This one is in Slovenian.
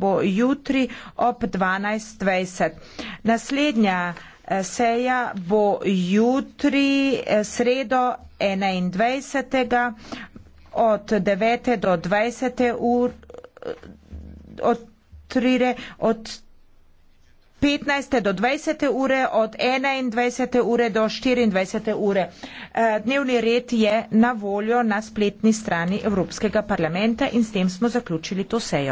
bo jutri ob 12.20. Naslednja eh, seja bo jutri eh, sredo 21. od 9. do 20. ur eh, od 3. od 15. do 20. ure, od 21. ure do 24. ure. Dnevni red je na voljo na spletni strani Evropskega parlamenta in s tem smo zaključili to sejo.